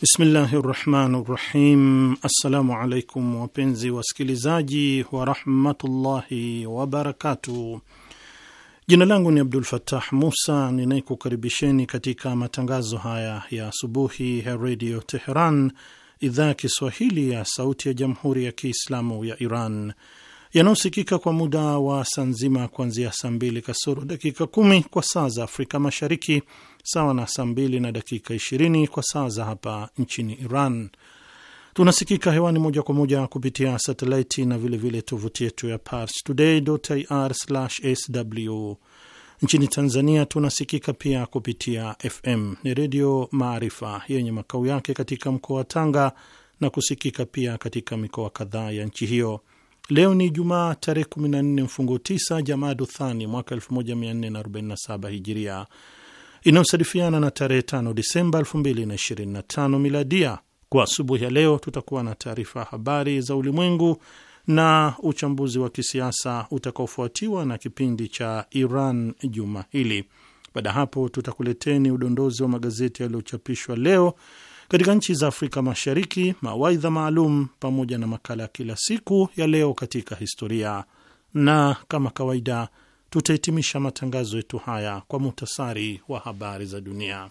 Bismillahi rahmani rahim. Assalamu alaikum wapenzi wasikilizaji warahmatullahi wabarakatuh. Jina langu ni Abdul fatah Musa ninayekukaribisheni katika matangazo haya ya asubuhi ya Redio Teheran, idhaa ya Kiswahili ya sauti ya jamhuri ya Kiislamu ya Iran, yanayosikika kwa muda wa saa nzima kuanzia saa mbili kasoro dakika kumi kwa saa za Afrika Mashariki, sawa na saa mbili na dakika 20 kwa saa za hapa nchini Iran. Tunasikika hewani moja kwa moja kupitia satelaiti na vilevile tovuti yetu ya Pars Today ir sw. Nchini Tanzania tunasikika pia kupitia FM ni Redio Maarifa yenye makao yake katika mkoa wa Tanga na kusikika pia katika mikoa kadhaa ya nchi hiyo. Leo ni Jumaa tarehe 14 mfungo 9 Jamadu Thani mwaka 1447 Hijiria, inayosadifiana na tarehe 5 Disemba 2025 miladia. Kwa asubuhi ya leo tutakuwa na taarifa ya habari za ulimwengu na uchambuzi wa kisiasa utakaofuatiwa na kipindi cha Iran juma hili. Baada ya hapo, tutakuleteni udondozi wa magazeti yaliyochapishwa leo katika nchi za Afrika Mashariki, mawaidha maalum, pamoja na makala ya kila siku ya leo katika historia, na kama kawaida tutahitimisha matangazo yetu haya kwa muhtasari wa habari za dunia.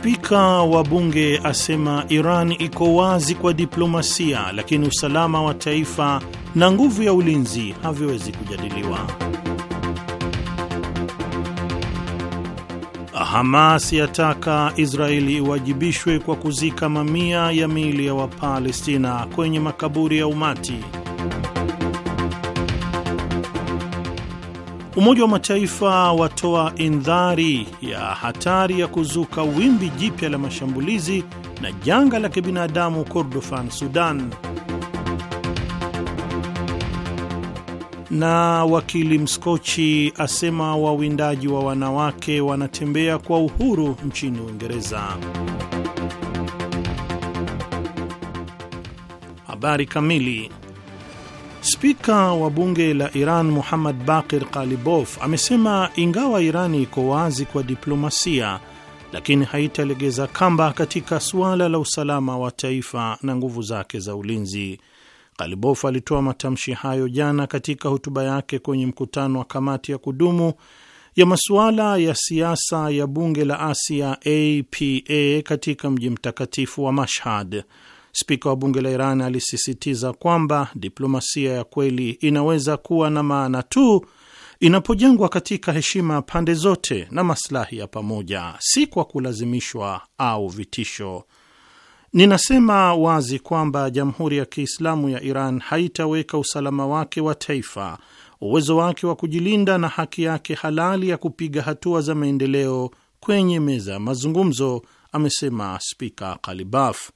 Spika wa bunge asema Iran iko wazi kwa diplomasia, lakini usalama wa taifa na nguvu ya ulinzi haviwezi kujadiliwa. Hamas yataka Israeli iwajibishwe kwa kuzika mamia ya miili ya Wapalestina kwenye makaburi ya umati. Umoja wa Mataifa watoa indhari ya hatari ya kuzuka wimbi jipya la mashambulizi na janga la kibinadamu Kordofan, Sudan. Na wakili Mskochi asema wawindaji wa wanawake wanatembea kwa uhuru nchini Uingereza. Habari kamili Spika wa bunge la Iran Muhammad Bakir Kalibof amesema ingawa Irani iko wazi kwa diplomasia, lakini haitalegeza kamba katika suala la usalama wa taifa na nguvu zake za ulinzi. Kalibof alitoa matamshi hayo jana katika hotuba yake kwenye mkutano wa kamati ya kudumu ya masuala ya siasa ya bunge la Asia APA katika mji mtakatifu wa Mashhad. Spika wa bunge la Iran alisisitiza kwamba diplomasia ya kweli inaweza kuwa na maana tu inapojengwa katika heshima ya pande zote na maslahi ya pamoja, si kwa kulazimishwa au vitisho. Ninasema wazi kwamba Jamhuri ya Kiislamu ya Iran haitaweka usalama wake wa taifa, uwezo wake wa kujilinda na haki yake halali ya kupiga hatua za maendeleo kwenye meza ya mazungumzo, amesema Spika Kalibaf.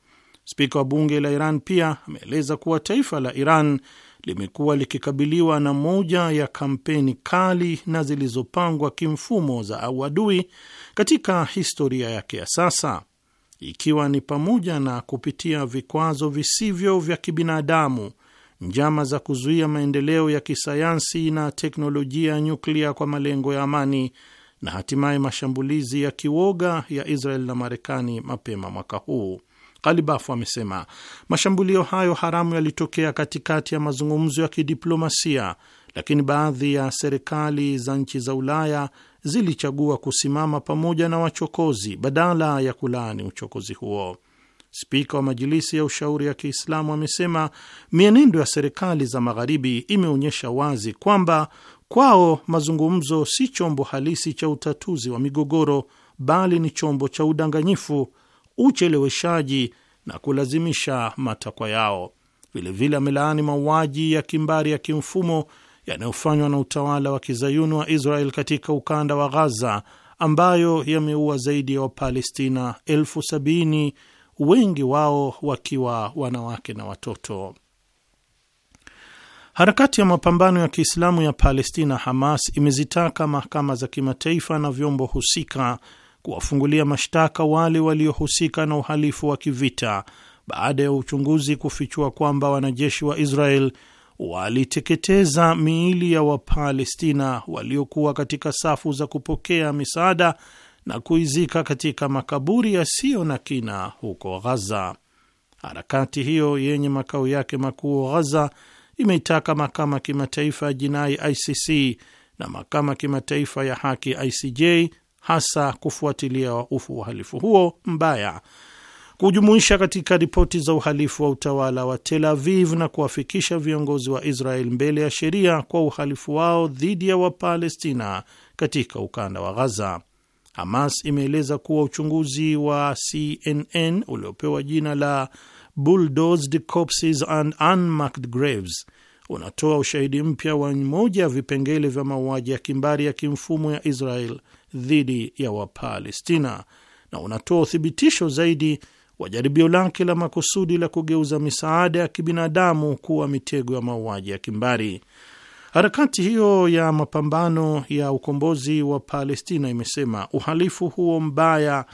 Spika wa bunge la Iran pia ameeleza kuwa taifa la Iran limekuwa likikabiliwa na moja ya kampeni kali na zilizopangwa kimfumo za uadui katika historia yake ya sasa, ikiwa ni pamoja na kupitia vikwazo visivyo vya kibinadamu, njama za kuzuia maendeleo ya kisayansi na teknolojia ya nyuklia kwa malengo ya amani, na hatimaye mashambulizi ya kiwoga ya Israel na Marekani mapema mwaka huu. Kalibafu amesema mashambulio hayo haramu yalitokea katikati ya mazungumzo ya kidiplomasia, lakini baadhi ya serikali za nchi za Ulaya zilichagua kusimama pamoja na wachokozi badala ya kulaani uchokozi huo. Spika wa Majilisi ya Ushauri ya Kiislamu amesema mienendo ya serikali za Magharibi imeonyesha wazi kwamba kwao mazungumzo si chombo halisi cha utatuzi wa migogoro, bali ni chombo cha udanganyifu ucheleweshaji na kulazimisha matakwa yao. Vilevile amelaani mauaji ya kimbari ya kimfumo yanayofanywa na utawala wa kizayuni wa Israel katika ukanda wa Ghaza, ambayo yameua zaidi ya Wapalestina elfu sabini, wengi wao wakiwa wanawake na watoto. Harakati ya mapambano ya Kiislamu ya Palestina, Hamas, imezitaka mahakama za kimataifa na vyombo husika kuwafungulia mashtaka wale waliohusika na uhalifu wa kivita baada ya uchunguzi kufichua kwamba wanajeshi wa Israel waliteketeza miili ya Wapalestina waliokuwa katika safu za kupokea misaada na kuizika katika makaburi yasiyo na kina huko Ghaza. Harakati hiyo yenye makao yake makuu Ghaza imeitaka mahakama kimataifa ya jinai ICC na mahakama kimataifa ya haki ICJ hasa kufuatilia waufu uhalifu huo mbaya kujumuisha katika ripoti za uhalifu wa utawala wa Tel Aviv na kuwafikisha viongozi wa Israel mbele ya sheria kwa uhalifu wao dhidi ya Wapalestina katika ukanda wa Ghaza. Hamas imeeleza kuwa uchunguzi wa CNN uliopewa jina la Bulldozed Corpses and Unmarked Graves unatoa ushahidi mpya wa moja ya vipengele vya mauaji ya kimbari ya kimfumo ya Israel dhidi ya Wapalestina na unatoa uthibitisho zaidi wa jaribio lake la makusudi la kugeuza misaada ya kibinadamu kuwa mitego ya mauaji ya kimbari. Harakati hiyo ya mapambano ya ukombozi wa Palestina imesema uhalifu huo mbaya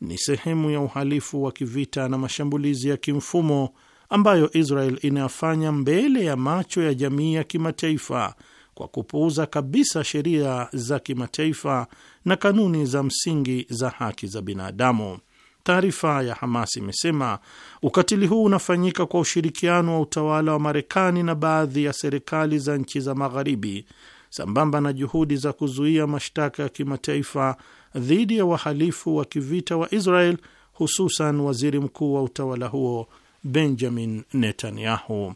ni sehemu ya uhalifu wa kivita na mashambulizi ya kimfumo ambayo Israel inayafanya mbele ya macho ya jamii ya kimataifa kwa kupuuza kabisa sheria za kimataifa na kanuni za msingi za haki za binadamu. Taarifa ya Hamas imesema ukatili huu unafanyika kwa ushirikiano wa utawala wa Marekani na baadhi ya serikali za nchi za Magharibi, sambamba na juhudi za kuzuia mashtaka ya kimataifa dhidi ya wahalifu wa kivita wa Israel, hususan waziri mkuu wa utawala huo Benjamin Netanyahu.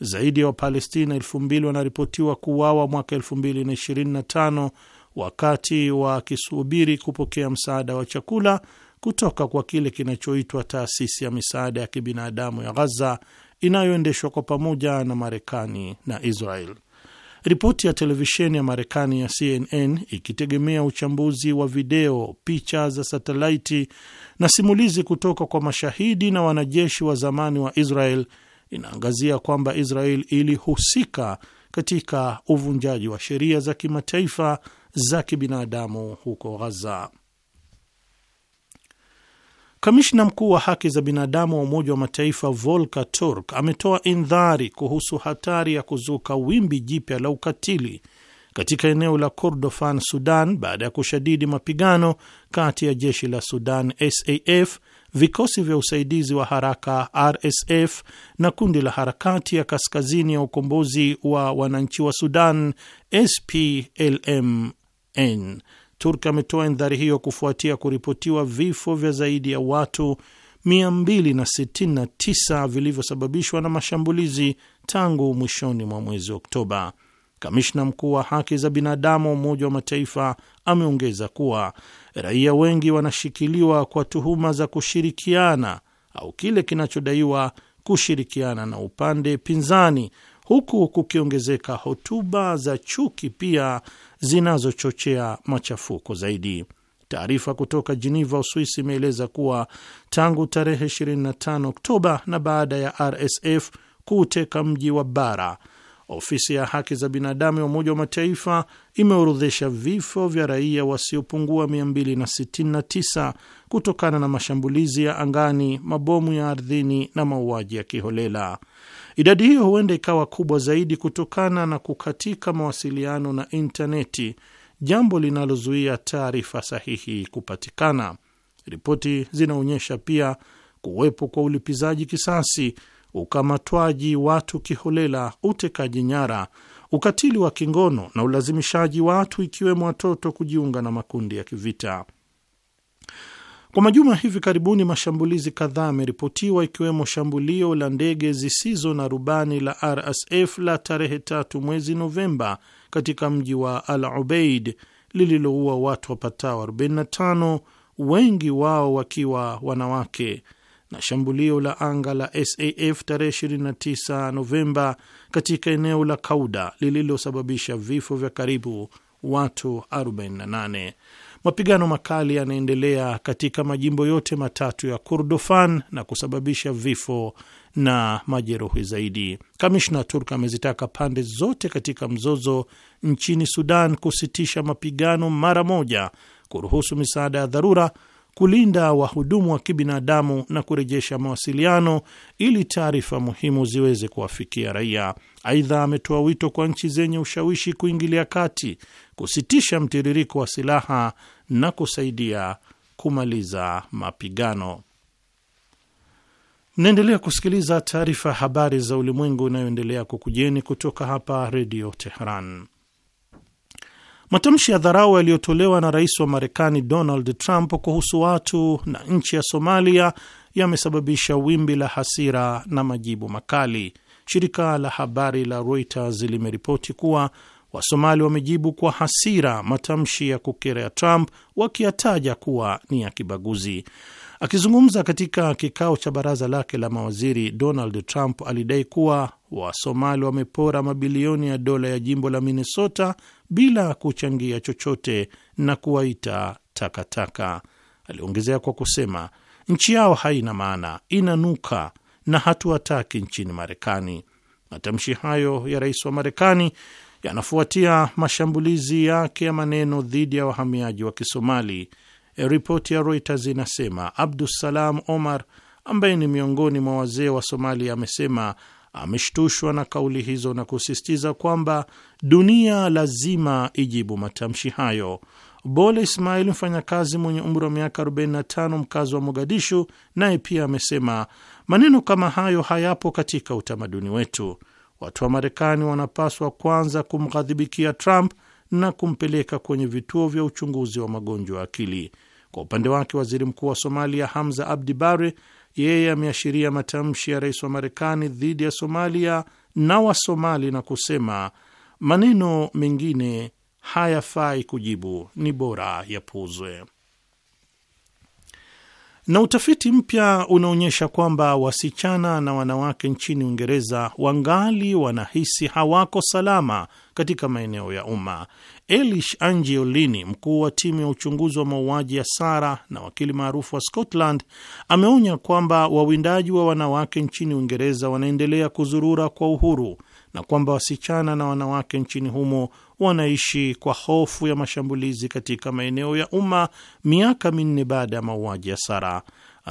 Zaidi ya Wapalestina elfu mbili wanaripotiwa kuuawa mwaka elfu mbili na ishirini na tano wakati wakisubiri kupokea msaada wa chakula kutoka kwa kile kinachoitwa taasisi ya misaada ya kibinadamu ya Ghaza inayoendeshwa kwa pamoja na Marekani na Israel. Ripoti ya televisheni ya Marekani ya CNN ikitegemea uchambuzi wa video, picha za satelaiti na simulizi kutoka kwa mashahidi na wanajeshi wa zamani wa Israel inaangazia kwamba Israel ilihusika katika uvunjaji wa sheria za kimataifa za kibinadamu huko Ghaza. Kamishna mkuu wa haki za binadamu wa Umoja wa Mataifa Volka Turk ametoa indhari kuhusu hatari ya kuzuka wimbi jipya la ukatili katika eneo la Kordofan, Sudan, baada ya kushadidi mapigano kati ya jeshi la Sudan SAF, vikosi vya usaidizi wa haraka RSF na kundi la harakati ya kaskazini ya ukombozi wa wananchi wa Sudan SPLM UN. Turk ametoa indhari hiyo kufuatia kuripotiwa vifo vya zaidi ya watu 269 vilivyosababishwa na mashambulizi tangu mwishoni mwa mwezi Oktoba. Kamishna mkuu wa haki za binadamu wa Umoja wa Mataifa ameongeza kuwa raia wengi wanashikiliwa kwa tuhuma za kushirikiana au kile kinachodaiwa kushirikiana na upande pinzani, huku kukiongezeka hotuba za chuki pia zinazochochea machafuko zaidi. Taarifa kutoka jeneva Uswisi, imeeleza kuwa tangu tarehe 25 Oktoba na baada ya RSF kuuteka mji wa Bara, Ofisi ya haki za binadamu ya Umoja wa Mataifa imeorodhesha vifo vya raia wasiopungua 269 kutokana na mashambulizi ya angani, mabomu ya ardhini na mauaji ya kiholela. Idadi hiyo huenda ikawa kubwa zaidi kutokana na kukatika mawasiliano na intaneti, jambo linalozuia taarifa sahihi kupatikana. Ripoti zinaonyesha pia kuwepo kwa ulipizaji kisasi ukamatwaji watu kiholela, utekaji nyara, ukatili wa kingono na ulazimishaji watu ikiwemo watoto kujiunga na makundi ya kivita. Kwa majuma hivi karibuni, mashambulizi kadhaa yameripotiwa ikiwemo shambulio la ndege zisizo na rubani la RSF la tarehe tatu mwezi Novemba katika mji wa Al Ubeid lililoua watu wapatao 45 wengi wao wakiwa wanawake na shambulio la anga la SAF tarehe 29 Novemba katika eneo la Kauda lililosababisha vifo vya karibu watu 48. Mapigano makali yanaendelea katika majimbo yote matatu ya Kurdofan na kusababisha vifo na majeruhi zaidi. Kamishna Turk amezitaka pande zote katika mzozo nchini Sudan kusitisha mapigano mara moja, kuruhusu misaada ya dharura kulinda wahudumu wa kibinadamu na kurejesha mawasiliano ili taarifa muhimu ziweze kuwafikia raia. Aidha, ametoa wito kwa nchi zenye ushawishi kuingilia kati, kusitisha mtiririko wa silaha na kusaidia kumaliza mapigano. Mnaendelea kusikiliza taarifa habari za ulimwengu inayoendelea kukujeni kutoka hapa Redio Teheran. Matamshi ya dharau yaliyotolewa na rais wa Marekani Donald Trump kuhusu watu na nchi ya Somalia yamesababisha wimbi la hasira na majibu makali. Shirika la habari la Reuters limeripoti kuwa Wasomali wamejibu kwa hasira matamshi ya kukera ya Trump, wakiyataja kuwa ni ya kibaguzi. Akizungumza katika kikao cha baraza lake la mawaziri, Donald Trump alidai kuwa Wasomali wamepora mabilioni ya dola ya jimbo la Minnesota bila kuchangia chochote na kuwaita takataka. Aliongezea kwa kusema nchi yao haina maana, inanuka na hatuwataki nchini Marekani. Matamshi hayo ya rais wa Marekani yanafuatia mashambulizi yake ya maneno dhidi ya wahamiaji wa Kisomali. E, ripoti ya Reuters inasema abdusalam Omar ambaye ni miongoni mwa wazee wa Somalia amesema ameshtushwa na kauli hizo na kusisitiza kwamba dunia lazima ijibu matamshi hayo. Bole Ismail, mfanyakazi mwenye umri wa miaka 45 mkazi wa Mogadishu, naye pia amesema maneno kama hayo hayapo katika utamaduni wetu. Watu wa Marekani wanapaswa kwanza kumghadhibikia Trump na kumpeleka kwenye vituo vya uchunguzi wa magonjwa ya akili. Kwa upande wake, waziri mkuu wa Somalia Hamza Abdi Bare yeye ameashiria matamshi ya rais wa Marekani dhidi ya Somalia na Wasomali na kusema maneno mengine hayafai kujibu, ni bora yapuuzwe. Na utafiti mpya unaonyesha kwamba wasichana na wanawake nchini Uingereza wangali wanahisi hawako salama katika maeneo ya umma. Elish Angiolini, mkuu wa timu ya uchunguzi wa mauaji ya Sara na wakili maarufu wa Scotland, ameonya kwamba wawindaji wa wanawake nchini Uingereza wanaendelea kuzurura kwa uhuru na kwamba wasichana na wanawake nchini humo wanaishi kwa hofu ya mashambulizi katika maeneo ya umma miaka minne baada ya mauaji ya Sara.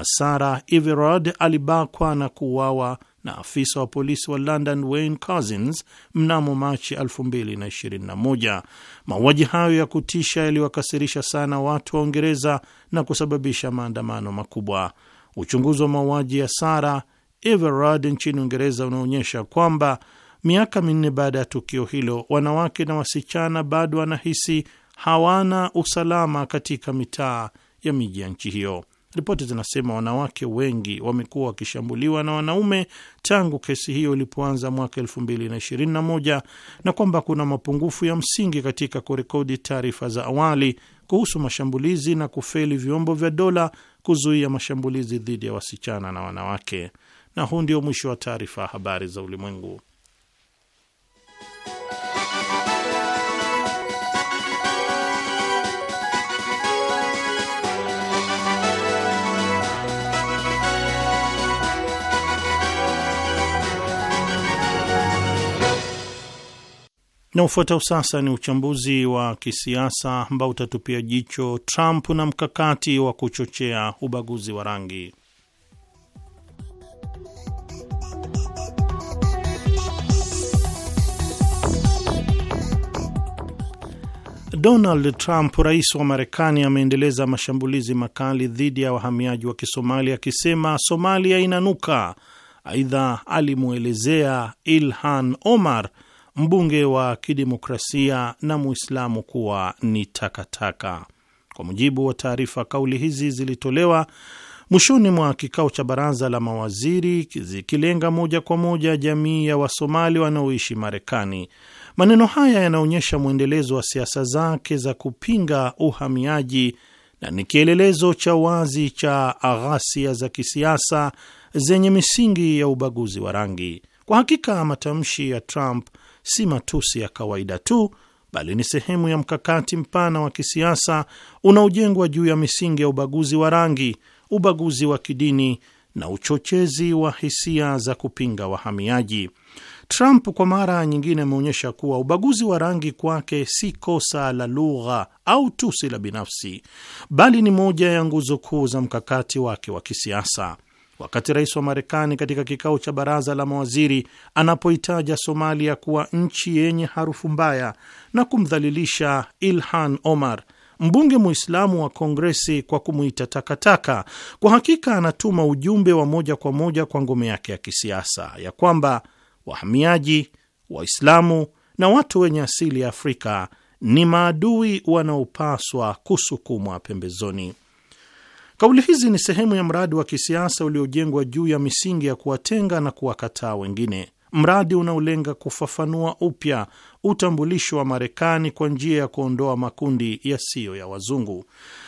Sara Everard alibakwa na kuuawa na afisa wa polisi wa London Wayne Cousins mnamo Machi 2021. Mauaji hayo ya kutisha yaliwakasirisha sana watu wa Uingereza na kusababisha maandamano makubwa. Uchunguzi wa mauaji ya sara Everard nchini Uingereza unaonyesha kwamba miaka minne baada ya tukio hilo, wanawake na wasichana bado wanahisi hawana usalama katika mitaa ya miji ya nchi hiyo. Ripoti zinasema wanawake wengi wamekuwa wakishambuliwa na wanaume tangu kesi hiyo ilipoanza mwaka 2021 na kwamba kuna mapungufu ya msingi katika kurekodi taarifa za awali kuhusu mashambulizi na kufeli vyombo vya dola kuzuia mashambulizi dhidi ya wasichana na wanawake. Na huu ndio mwisho wa taarifa ya habari za ulimwengu. Na ufuatao sasa ni uchambuzi wa kisiasa ambao utatupia jicho Trump na mkakati wa kuchochea ubaguzi wa rangi. Donald Trump, rais wa Marekani, ameendeleza mashambulizi makali dhidi ya wahamiaji wa Kisomalia akisema Somalia inanuka. Aidha, alimwelezea Ilhan Omar mbunge wa kidemokrasia na Muislamu kuwa ni takataka. Kwa mujibu wa taarifa, kauli hizi zilitolewa mwishoni mwa kikao cha baraza la mawaziri zikilenga moja kwa moja jamii ya Wasomali wanaoishi Marekani. Maneno haya yanaonyesha mwendelezo wa siasa zake za kupinga uhamiaji na ni kielelezo cha wazi cha ghasia za kisiasa zenye misingi ya ubaguzi wa rangi. Kwa hakika matamshi ya Trump si matusi ya kawaida tu, bali ni sehemu ya mkakati mpana wa kisiasa unaojengwa juu ya misingi ya ubaguzi wa rangi, ubaguzi wa kidini na uchochezi wa hisia za kupinga wahamiaji. Trump kwa mara nyingine ameonyesha kuwa ubaguzi wa rangi kwake si kosa la lugha au tusi la binafsi, bali ni moja ya nguzo kuu za mkakati wake wa kisiasa wakati rais wa Marekani katika kikao cha baraza la mawaziri anapoitaja Somalia kuwa nchi yenye harufu mbaya na kumdhalilisha Ilhan Omar, mbunge Muislamu wa Kongresi, kwa kumuita takataka. Kwa hakika anatuma ujumbe wa moja kwa moja kwa ngome yake ya kisiasa ya kwamba wahamiaji, Waislamu na watu wenye asili ya Afrika ni maadui wanaopaswa kusukumwa pembezoni. Kauli hizi ni sehemu ya mradi wa kisiasa uliojengwa juu ya misingi ya kuwatenga na kuwakataa wengine, mradi unaolenga kufafanua upya utambulisho wa Marekani kwa njia ya kuondoa makundi yasiyo ya wazungu.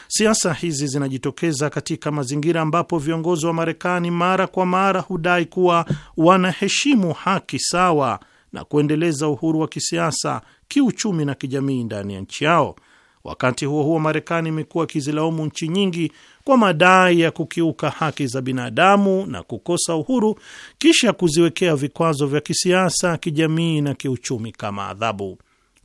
Siasa hizi zinajitokeza katika mazingira ambapo viongozi wa Marekani mara kwa mara hudai kuwa wanaheshimu haki sawa na kuendeleza uhuru wa kisiasa, kiuchumi na kijamii ndani ya nchi yao Wakati huo huo, Marekani imekuwa ikizilaumu nchi nyingi kwa madai ya kukiuka haki za binadamu na kukosa uhuru, kisha kuziwekea vikwazo vya kisiasa, kijamii na kiuchumi kama adhabu.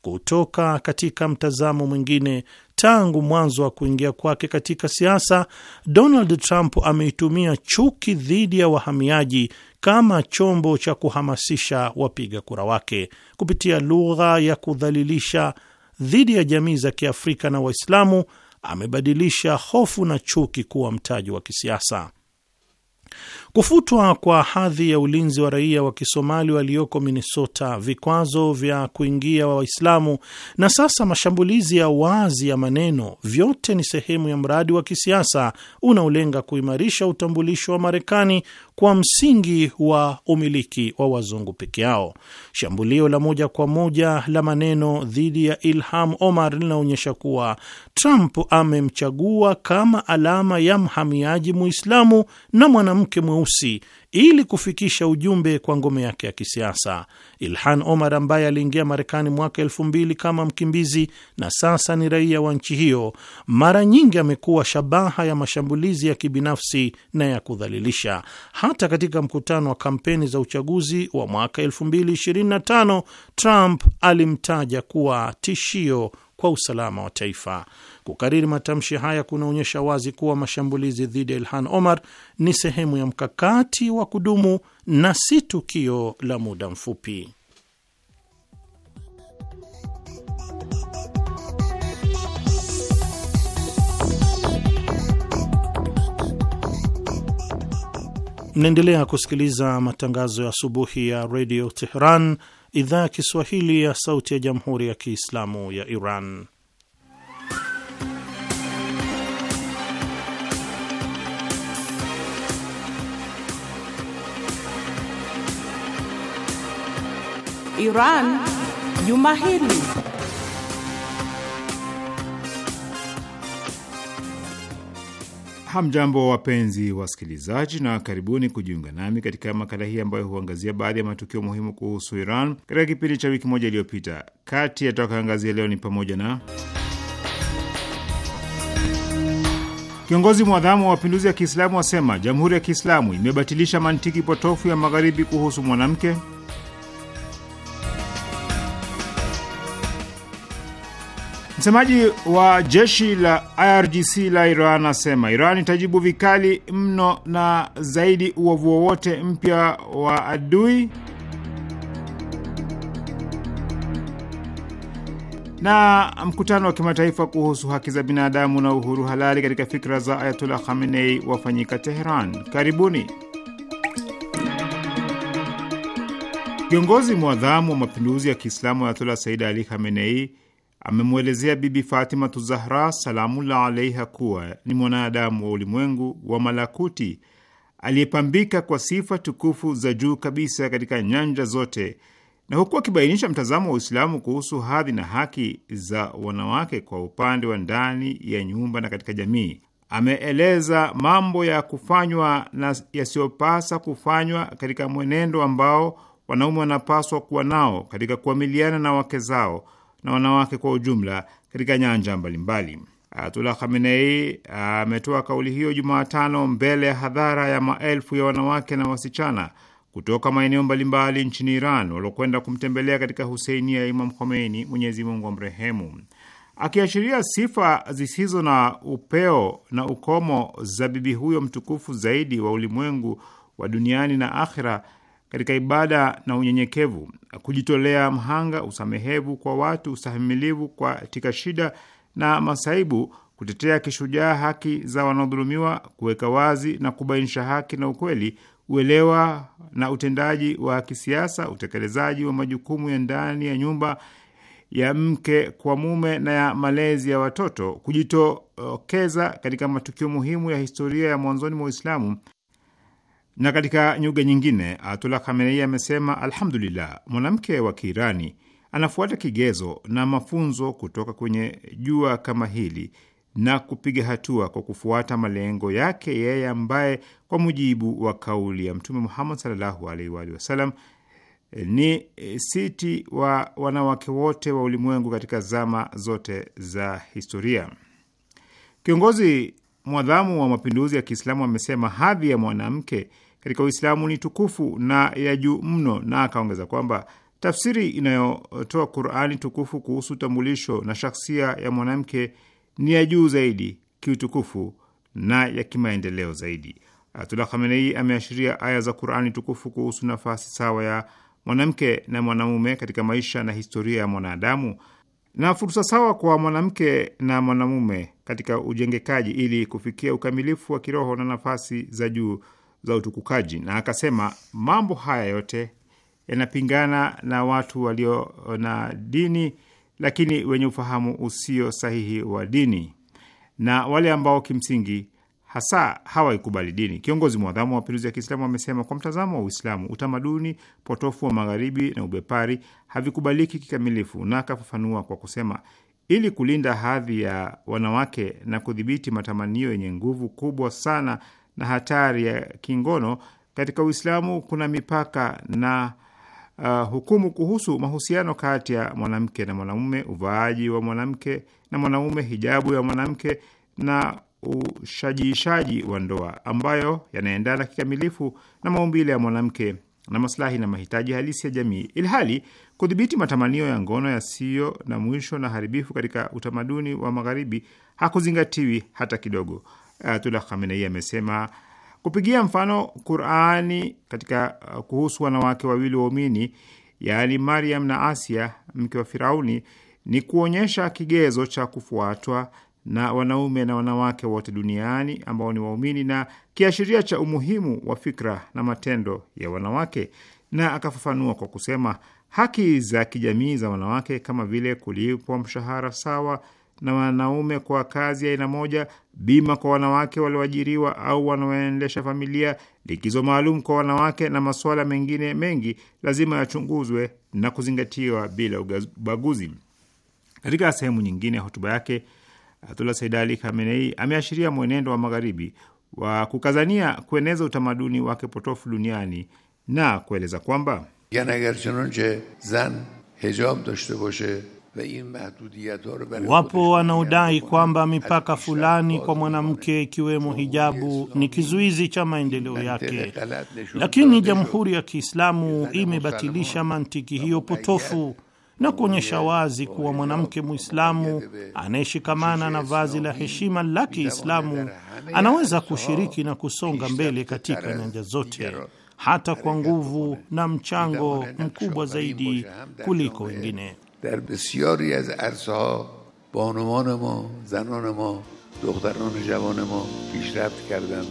Kutoka katika mtazamo mwingine, tangu mwanzo wa kuingia kwake katika siasa, Donald Trump ameitumia chuki dhidi ya wahamiaji kama chombo cha kuhamasisha wapiga kura wake kupitia lugha ya kudhalilisha dhidi ya jamii za Kiafrika na Waislamu amebadilisha hofu na chuki kuwa mtaji wa kisiasa. Kufutwa kwa hadhi ya ulinzi wa raia wa Kisomali walioko Minnesota, vikwazo vya kuingia wa Waislamu na sasa mashambulizi ya wazi ya maneno, vyote ni sehemu ya mradi wa kisiasa unaolenga kuimarisha utambulisho wa Marekani kwa msingi wa umiliki wa wazungu peke yao. Shambulio la moja kwa moja la maneno dhidi ya Ilham Omar linaonyesha kuwa Trump amemchagua kama alama ya mhamiaji Muislamu na mwana mwanamke mweusi ili kufikisha ujumbe kwa ngome yake ya kisiasa. Ilhan Omar ambaye aliingia Marekani mwaka elfu mbili kama mkimbizi na sasa ni raia wa nchi hiyo, mara nyingi amekuwa shabaha ya mashambulizi ya kibinafsi na ya kudhalilisha. Hata katika mkutano wa kampeni za uchaguzi wa mwaka tano Trump alimtaja kuwa tishio kwa usalama wa taifa. Kukariri matamshi haya kunaonyesha wazi kuwa mashambulizi dhidi ya Ilhan Omar ni sehemu ya mkakati wa kudumu na si tukio la muda mfupi. Mnaendelea kusikiliza matangazo ya asubuhi ya redio Teheran, idhaa ya Kiswahili ya sauti ya jamhuri ya Kiislamu ya Iran. Iran juma hili. Hamjambo, wapenzi wasikilizaji, na karibuni kujiunga nami katika makala hii ambayo huangazia baadhi ya matukio muhimu kuhusu Iran katika kipindi cha wiki moja iliyopita. Kati ya tutakaangazia leo ni pamoja na Kiongozi mwadhamu wa mapinduzi ya Kiislamu asema Jamhuri ya Kiislamu imebatilisha mantiki potofu ya Magharibi kuhusu mwanamke. Msemaji wa jeshi la IRGC la Iran asema Iran itajibu vikali mno na zaidi uovu wowote mpya wa adui. na mkutano wa kimataifa kuhusu haki za binadamu na uhuru halali katika fikra za Ayatollah Khamenei wafanyika Teheran. Karibuni. Kiongozi mwadhamu wa mapinduzi ya Kiislamu Ayatollah Said Ali Khamenei amemwelezea Bibi Fatimatu Zahra salamullah alaiha kuwa ni mwanadamu wa ulimwengu wa malakuti aliyepambika kwa sifa tukufu za juu kabisa katika nyanja zote, na huku akibainisha mtazamo wa Uislamu kuhusu hadhi na haki za wanawake kwa upande wa ndani ya nyumba na katika jamii. Ameeleza mambo ya kufanywa na yasiyopasa kufanywa katika mwenendo ambao wanaume wanapaswa kuwa nao katika kuamiliana na wake zao na wanawake kwa ujumla katika nyanja mbalimbali. Ayatullah Khamenei ametoa kauli hiyo Jumatano mbele ya hadhara ya maelfu ya wanawake na wasichana kutoka maeneo mbalimbali nchini Iran waliokwenda kumtembelea katika Huseini ya Imam Khomeini, Mwenyezi Mungu wa mrehemu. Akiashiria sifa zisizo na upeo na ukomo za bibi huyo mtukufu zaidi wa ulimwengu wa duniani na akhira, katika ibada na unyenyekevu, kujitolea mhanga, usamehevu kwa watu, ustahimilivu katika shida na masaibu, kutetea kishujaa haki za wanaodhulumiwa, kuweka wazi na kubainisha haki na ukweli, uelewa na utendaji wa kisiasa, utekelezaji wa majukumu ya ndani ya nyumba ya mke kwa mume na ya malezi ya watoto, kujitokeza katika matukio muhimu ya historia ya mwanzoni mwa Uislamu na katika nyuga nyingine, Ayatullah Khamenei amesema alhamdulillah, mwanamke wa Kiirani anafuata kigezo na mafunzo kutoka kwenye jua kama hili na kupiga hatua kwa kufuata malengo yake yeye, ambaye kwa mujibu wa kauli ya Mtume Muhammad sallallahu alaihi wa alihi wasallam ni eh, siti wa wanawake wote wa ulimwengu katika zama zote za historia. Kiongozi mwadhamu wa mapinduzi ya Kiislamu amesema hadhi ya mwanamke katika Uislamu ni tukufu na ya juu mno, na akaongeza kwamba tafsiri inayotoa Qurani tukufu kuhusu utambulisho na shaksia ya mwanamke ni ya juu zaidi kiutukufu na ya kimaendeleo zaidi. Ayatullah Khamenei ameashiria aya za Qurani tukufu kuhusu nafasi sawa ya mwanamke na mwanamume katika maisha na historia ya mwanadamu na fursa sawa kwa mwanamke na mwanamume katika ujengekaji ili kufikia ukamilifu wa kiroho na nafasi za juu za utukukaji, na akasema mambo haya yote yanapingana na watu walio na dini lakini wenye ufahamu usio sahihi wa dini na wale ambao kimsingi hasa hawaikubali dini. Kiongozi mwadhamu wa mapinduzi ya Kiislamu amesema kwa mtazamo wa Uislamu, utamaduni potofu wa Magharibi na ubepari havikubaliki kikamilifu, na akafafanua kwa kusema, ili kulinda hadhi ya wanawake na kudhibiti matamanio yenye nguvu kubwa sana na hatari ya kingono katika Uislamu kuna mipaka na uh, hukumu kuhusu mahusiano kati ya mwanamke na mwanamume, uvaaji wa mwanamke na mwanaume, hijabu ya mwanamke na ushajiishaji wa ndoa, ambayo yanaendana kikamilifu na maumbile ya mwanamke na maslahi na mahitaji halisi ya jamii, ilhali kudhibiti matamanio ya ngono yasiyo na mwisho na haribifu katika utamaduni wa Magharibi hakuzingatiwi hata kidogo. Eh, Ayatullah Khamenei amesema kupigia mfano Qurani katika eh, kuhusu wanawake wawili waumini, yaani Mariam na Asia mke wa Firauni, ni kuonyesha kigezo cha kufuatwa na wanaume na wanawake wote duniani ambao ni waumini na kiashiria cha umuhimu wa fikra na matendo ya wanawake. Na akafafanua kwa kusema haki za kijamii za wanawake kama vile kulipwa mshahara sawa, na wanaume kwa kazi ya aina moja, bima kwa wanawake walioajiriwa au wanaoendesha familia, likizo maalum kwa wanawake na masuala mengine mengi lazima yachunguzwe na kuzingatiwa bila ubaguzi. Katika sehemu nyingine ya hotuba yake, Ayatullah Said Ali Khamenei ameashiria mwenendo wa Magharibi wa kukazania kueneza utamaduni wake potofu duniani na kueleza kwamba yani agar zan hijab boshe Wapo wanaodai kwamba mipaka fulani kwa mwanamke ikiwemo hijabu ni kizuizi cha maendeleo yake, lakini Jamhuri ya Kiislamu imebatilisha mantiki hiyo potofu na kuonyesha wazi kuwa mwanamke Mwislamu anayeshikamana na vazi la heshima la Kiislamu anaweza kushiriki na kusonga mbele katika nyanja zote, hata kwa nguvu na mchango mkubwa zaidi kuliko wengine. در بسیاری از عرصه ها بانوان ما زنان ما دختران جوان ما پیشرفت کردند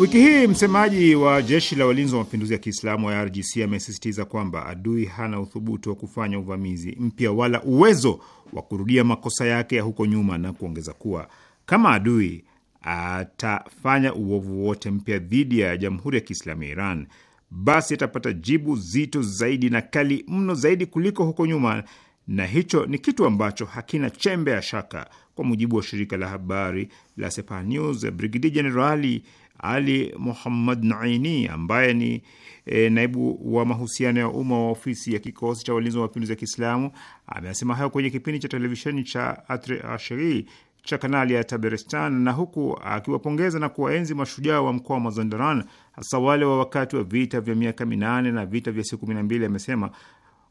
Wiki hii msemaji wa jeshi la walinzi wa mapinduzi ya Kiislamu ya IRGC amesisitiza kwamba adui hana uthubutu wa kufanya uvamizi mpya wala uwezo wa kurudia makosa yake ya huko nyuma, na kuongeza kuwa kama adui atafanya uovu wote mpya dhidi ya Jamhuri ya Kiislamu ya Iran, basi atapata jibu zito zaidi na kali mno zaidi kuliko huko nyuma, na hicho ni kitu ambacho hakina chembe ya shaka. Kwa mujibu wa shirika la habari la Sepa News, Brigidi Jenerali Ali Muhammad Naini ambaye ni e, naibu wa mahusiano ya umma wa ofisi ya kikosi cha walinzi wa mapinduzi ya Kiislamu amesema hayo kwenye kipindi cha televisheni cha Atre Ashiri cha kanali ya Taberestan, na huku akiwapongeza na kuwaenzi mashujaa wa mkoa wa Mazandaran, hasa wale wa wakati wa vita vya miaka minane na vita vya siku kumi na mbili, amesema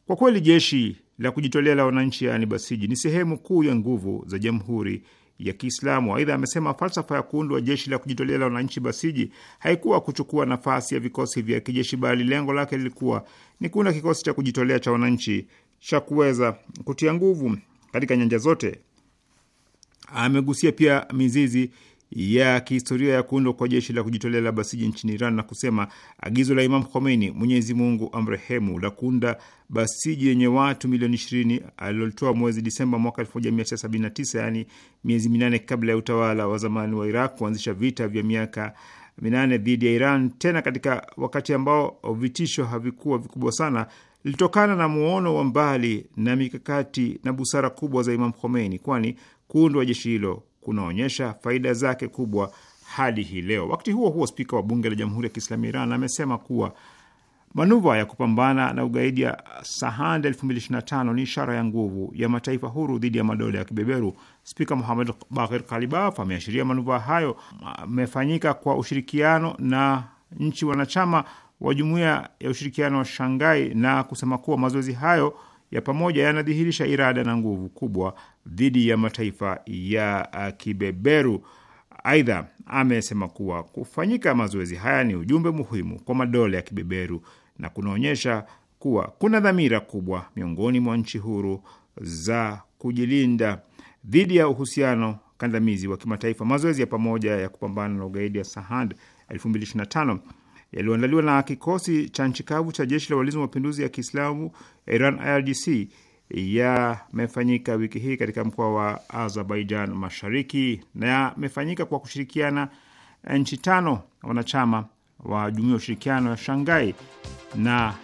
kwa kweli jeshi la kujitolea la wananchi, yaani Basiji, ni sehemu kuu ya nguvu za jamhuri ya Kiislamu. Aidha, amesema falsafa ya kuundwa jeshi la kujitolea la wananchi Basiji haikuwa kuchukua nafasi ya vikosi vya kijeshi, bali lengo lake lilikuwa ni kuunda kikosi cha kujitolea cha wananchi cha kuweza kutia nguvu katika nyanja zote. Amegusia pia mizizi ya kihistoria ya kuundwa kwa jeshi la kujitolea la Basiji nchini Iran na kusema agizo la Imam Khomeini, Mwenyezi Mungu amrehemu, la kuunda Basiji yenye watu milioni ishirini alilotoa mwezi Disemba mwaka 1979 yaani miezi minane kabla ya utawala wa zamani wa Iraq kuanzisha vita vya miaka minane dhidi ya Iran, tena katika wakati ambao vitisho havikuwa vikubwa sana, lilitokana na muono wa mbali na mikakati na busara kubwa za Imam Khomeini, kwani kuundwa jeshi hilo kunaonyesha faida zake kubwa hadi hii leo. Wakati huo huo, spika wa bunge la Jamhuri ya Kiislamu ya Iran amesema kuwa manuva ya kupambana na ugaidi ya Sahand 2025 ni ishara ya nguvu ya mataifa huru dhidi ya madola ya kibeberu. Spika Muhamed Bahir Kalibaf ameashiria manuva hayo amefanyika kwa ushirikiano na nchi wanachama wa Jumuiya ya Ushirikiano wa Shangai na kusema kuwa mazoezi hayo ya pamoja yanadhihirisha irada na nguvu kubwa dhidi ya mataifa ya uh, kibeberu. Aidha, amesema kuwa kufanyika mazoezi haya ni ujumbe muhimu kwa madola ya kibeberu na kunaonyesha kuwa kuna dhamira kubwa miongoni mwa nchi huru za kujilinda dhidi ya uhusiano kandamizi wa kimataifa. Mazoezi ya pamoja ya kupambana na ugaidi ya Sahand 2025 yaliyoandaliwa na kikosi cha nchi kavu cha jeshi la walinzi wa mapinduzi ya Kiislamu Iran IRGC yamefanyika wiki hii katika mkoa wa Azerbaijan Mashariki na yamefanyika kwa kushirikiana nchi tano wanachama wa Jumuiya ya Ushirikiano ya Shangai na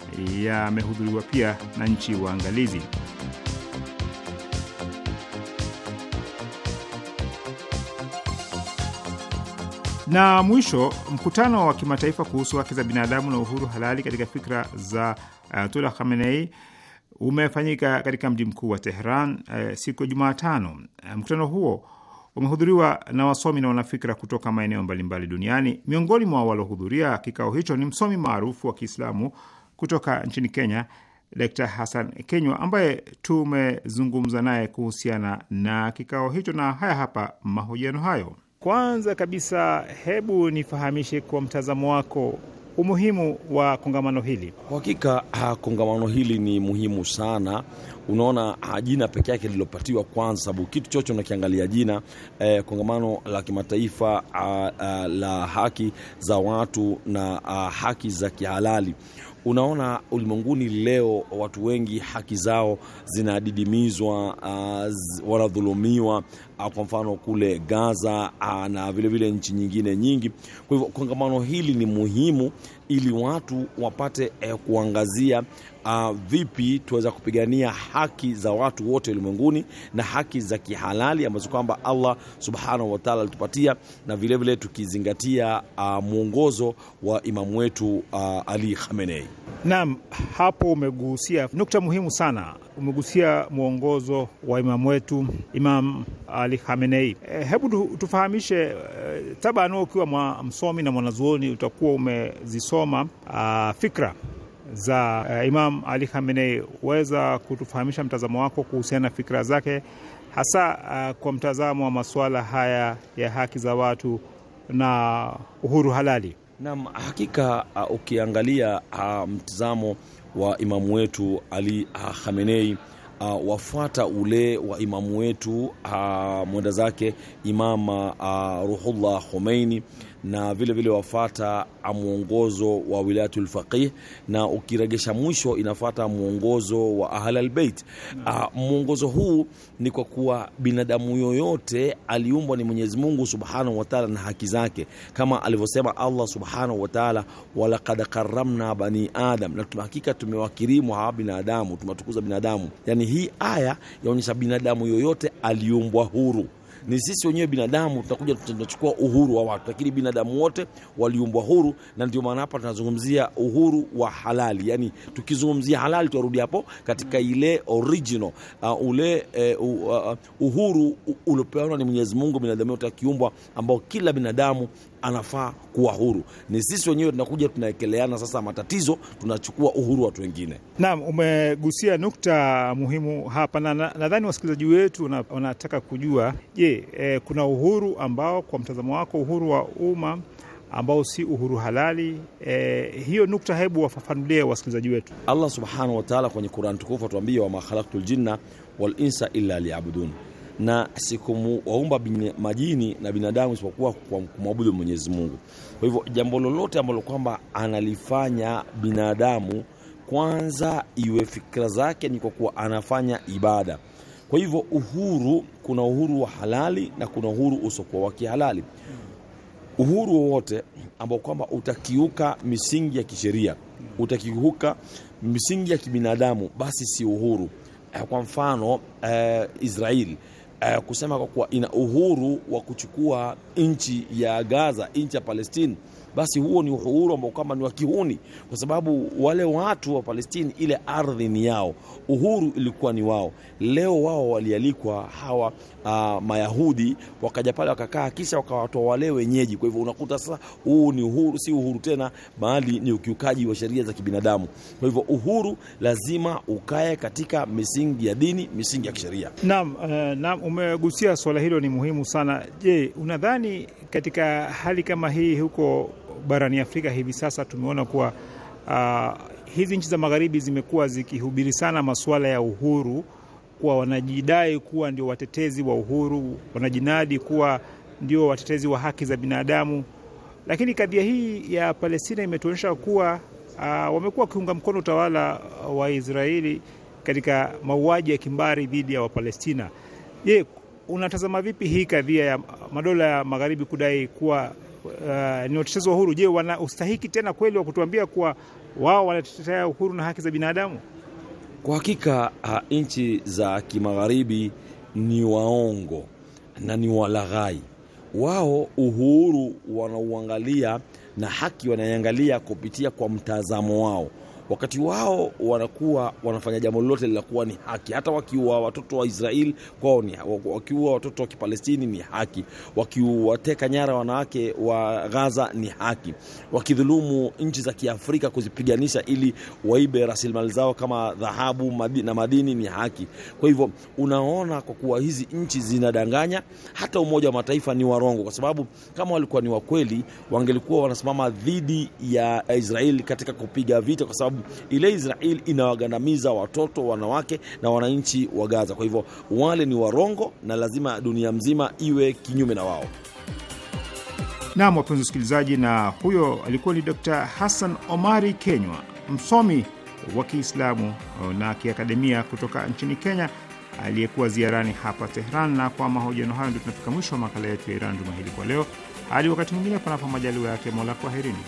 yamehudhuriwa pia na nchi waangalizi. Na mwisho, mkutano wa kimataifa kuhusu haki za binadamu na uhuru halali katika fikra za Ayatullah uh, Khamenei umefanyika katika mji mkuu wa Tehran e, siku ya Jumatano. Eh, mkutano huo umehudhuriwa na wasomi na wanafikira kutoka maeneo mbalimbali duniani. Miongoni mwa walohudhuria kikao hicho ni msomi maarufu wa Kiislamu kutoka nchini Kenya, d Hassan Kenywa, ambaye tumezungumza naye kuhusiana na kikao hicho, na haya hapa mahojiano hayo. Kwanza kabisa, hebu nifahamishe kwa mtazamo wako umuhimu wa kongamano hili? Kwa hakika ah, kongamano hili ni muhimu sana. Unaona ah, jina peke yake lililopatiwa kwanza, sababu kitu chocho unakiangalia jina eh, kongamano la kimataifa ah, ah, la haki za watu na ah, haki za kihalali Unaona, ulimwenguni leo watu wengi haki zao zinadidimizwa, uh, wanadhulumiwa uh, kwa mfano kule Gaza uh, na vilevile nchi nyingine nyingi. Kwa hivyo kongamano hili ni muhimu ili watu wapate eh, kuangazia Uh, vipi tuweza kupigania haki za watu wote ulimwenguni na haki za kihalali ambazo kwamba Allah subhanahu wa ta'ala alitupatia, na vilevile vile tukizingatia uh, mwongozo wa imamu wetu uh, Ali Khamenei. Naam, hapo umegusia nukta muhimu sana umegusia mwongozo wa imamu wetu Imam Ali Khamenei. E, hebu tufahamishe e, tabano, ukiwa mwa msomi na mwanazuoni utakuwa umezisoma a, ah, fikra za e, Imam Ali Khamenei, uweza kutufahamisha mtazamo wako kuhusiana na fikra zake hasa a, ah, kwa mtazamo wa masuala haya ya haki za watu na uhuru halali? Naam, hakika uh, ukiangalia uh, mtazamo wa imamu wetu Ali ah, Khamenei uh, wafuata ule wa imamu wetu uh, mwenda zake Imama uh, Ruhullah Khomeini na vile vile wafata mwongozo wa wilayatu lfaqih na ukiregesha mwisho inafata mwongozo wa ahlal bait. Mm. Ah, mwongozo huu ni kwa kuwa binadamu yoyote aliumbwa ni Mwenyezi Mungu subhanahu wataala na haki zake, kama alivyosema Allah subhanahu wataala walakad karamna bani adam, na tumehakika tumewakirimu hawa binadamu, tumewatukuza binadamu. Yani hii aya yaonyesha binadamu yoyote aliumbwa huru ni sisi wenyewe binadamu tutakuja tunachukua uhuru wa watu, lakini binadamu wote waliumbwa huru, na ndio maana hapa tunazungumzia uhuru wa halali. Yani tukizungumzia halali, tuarudi hapo katika ile original, uh, ule eh, uh, uh, uhuru uliopeanwa ni Mwenyezi Mungu binadamu yote akiumbwa, ambao kila binadamu anafaa kuwa huru. Ni sisi wenyewe tunakuja tunaekeleana sasa matatizo, tunachukua uhuru watu wengine. Naam, umegusia nukta muhimu hapa, na nadhani na wasikilizaji wetu wanataka kujua, je, e, kuna uhuru ambao kwa mtazamo wako uhuru wa umma ambao si uhuru halali e, hiyo nukta, hebu wafafanulie wasikilizaji wetu. Allah subhanahu wataala kwenye Qurani tukufu atuambia, wama khalaktu ljinna walinsa illa liyabudun na sikuwaumba majini na binadamu isipokuwa kwa kumwabudu Mwenyezi Mungu. Kwa hivyo jambo lolote ambalo kwamba analifanya binadamu, kwanza iwe fikra zake ni kwa kuwa anafanya ibada. Kwa hivyo uhuru, kuna uhuru wa halali na kuna uhuru usiokuwa wa kihalali. Uhuru wowote ambao kwamba utakiuka misingi ya kisheria, utakiuka misingi ya kibinadamu, basi si uhuru. Eh, kwa mfano eh, Israeli uh, kusema kwa kuwa ina uhuru wa kuchukua nchi ya Gaza, nchi ya Palestine basi huo ni uhuru ambao kama ni wa kihuni, kwa sababu wale watu wa Palestina ile ardhi ni yao, uhuru ilikuwa ni wao. Leo wao walialikwa hawa uh, Mayahudi wakaja pale wakakaa, kisha wakawatoa wale wenyeji. Kwa hivyo unakuta sasa huu ni uhuru, si uhuru tena, bali ni ukiukaji wa sheria za kibinadamu. Kwa hivyo uhuru lazima ukae katika misingi ya dini, misingi ya kisheria. Naam, uh, naam, umegusia swala hilo, ni muhimu sana. Je, unadhani katika hali kama hii huko barani Afrika hivi sasa tumeona kuwa uh, hizi nchi za magharibi zimekuwa zikihubiri sana masuala ya uhuru, kuwa wanajidai kuwa ndio watetezi wa uhuru, wanajinadi kuwa ndio watetezi wa haki za binadamu, lakini kadhia hii ya Palestina imetuonyesha kuwa uh, wamekuwa wakiunga mkono utawala wa Israeli katika mauaji ya kimbari dhidi ya Wapalestina. Je, unatazama vipi hii kadhia ya madola ya magharibi kudai kuwa uh, ni watetezi wa uhuru, je, wana ustahiki tena kweli wa kutuambia kuwa wao wanatetea uhuru na haki za binadamu? Kwa hakika ah, nchi za kimagharibi ni waongo na ni walaghai. Wao uhuru wanauangalia na haki wanaiangalia kupitia kwa mtazamo wao wakati wao wanakuwa wanafanya jambo lolote linakuwa ni haki. Hata wakiua watoto wa Israel kwao ni wakiua watoto wa Kipalestini ni haki, wakiwateka nyara wanawake wa Gaza ni haki, wakidhulumu nchi za Kiafrika kuzipiganisha ili waibe rasilimali zao kama dhahabu na madini ni haki. Kwa hivyo unaona, kwa kuwa hizi nchi zinadanganya, hata Umoja wa Mataifa ni warongo, kwa sababu kama walikuwa ni wakweli wangelikuwa wanasimama dhidi ya israel katika kupiga vita, kwa sababu sababu ile Israel inawagandamiza watoto, wanawake na wananchi wa Gaza. Kwa hivyo wale ni warongo na lazima dunia mzima iwe kinyume na wao. Naam, wapenzi wasikilizaji, na huyo alikuwa ni Dr. Hassan Omari Kenywa, msomi wa Kiislamu uh, na kiakademia kutoka nchini Kenya aliyekuwa ziarani hapa Tehran. Na kwa mahojiano hayo ndio tunafika mwisho wa makala yetu ya Iran juma hili kwa leo. Hadi wakati mwingine, panapo majaliwa yake Mola, kwaherini.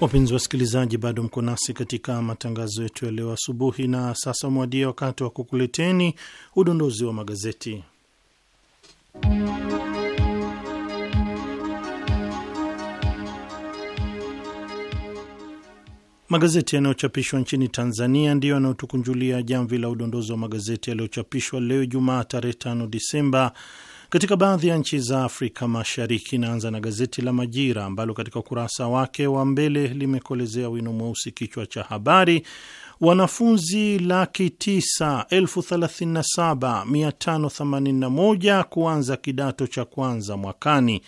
Wapenzi wasikilizaji, bado mko nasi katika matangazo yetu ya leo asubuhi, na sasa mwadia wakati wa kukuleteni udondozi wa magazeti. Magazeti yanayochapishwa nchini Tanzania ndiyo yanayotukunjulia jamvi la udondozi wa magazeti yaliyochapishwa leo Jumaa, tarehe 5 Disemba katika baadhi ya nchi za Afrika Mashariki. Inaanza na gazeti la Majira ambalo katika ukurasa wake wa mbele limekolezea wino mweusi kichwa cha habari wanafunzi laki tisa elfu thelathini na saba mia tano themanini na moja kuanza kidato cha kwanza mwakani.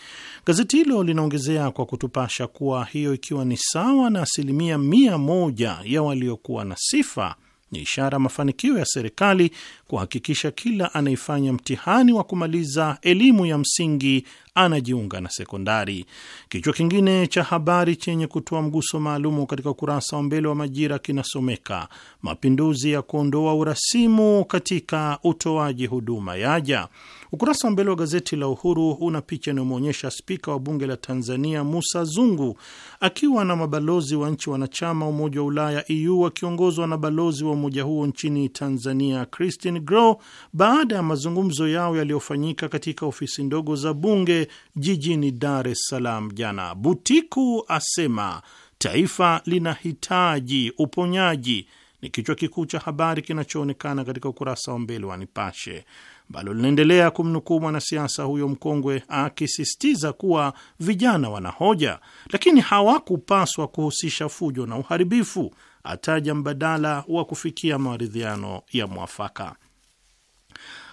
Gazeti hilo linaongezea kwa kutupasha kuwa hiyo ikiwa ni sawa na asilimia mia moja ya waliokuwa na sifa ni ishara ya mafanikio ya serikali kuhakikisha kila anayefanya mtihani wa kumaliza elimu ya msingi anajiunga na sekondari. Kichwa kingine cha habari chenye kutoa mguso maalumu katika ukurasa wa mbele wa Majira kinasomeka mapinduzi ya kuondoa urasimu katika utoaji huduma yaja ya Ukurasa wa mbele wa gazeti la Uhuru una picha inayomwonyesha spika wa bunge la Tanzania Musa Zungu akiwa na mabalozi wa nchi wanachama Umoja wa Ulaya EU wakiongozwa na balozi wa umoja huo nchini Tanzania Christine Grow baada ya mazungumzo yao yaliyofanyika katika ofisi ndogo za bunge jijini Dar es Salaam jana. Butiku asema taifa linahitaji uponyaji ni kichwa kikuu cha habari kinachoonekana katika ukurasa wa mbele wa Nipashe ambalo linaendelea kumnukuu mwanasiasa huyo mkongwe akisisitiza kuwa vijana wana hoja, lakini hawakupaswa kuhusisha fujo na uharibifu. Ataja mbadala wa kufikia maridhiano ya mwafaka.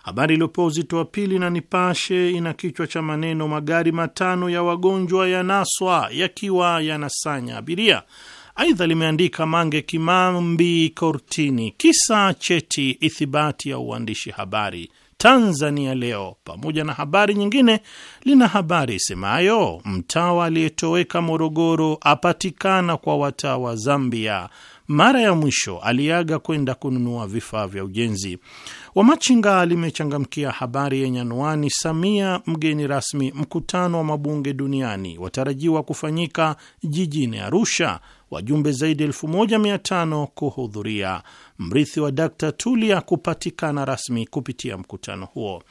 Habari iliyopewa uzito wa pili na Nipashe ina kichwa cha maneno, magari matano ya wagonjwa yanaswa yakiwa yanasanya abiria. Aidha limeandika Mange Kimambi kortini, kisa cheti ithibati ya uandishi habari. Tanzania Leo pamoja na habari nyingine lina habari isemayo mtawa aliyetoweka Morogoro apatikana kwa watawa Zambia, mara ya mwisho aliaga kwenda kununua vifaa vya ujenzi. Wamachinga limechangamkia habari yenye anwani Samia mgeni rasmi, mkutano wa mabunge duniani watarajiwa kufanyika jijini Arusha, wajumbe zaidi ya 1500 kuhudhuria mrithi wa Dkt Tulia kupatikana rasmi kupitia mkutano huo.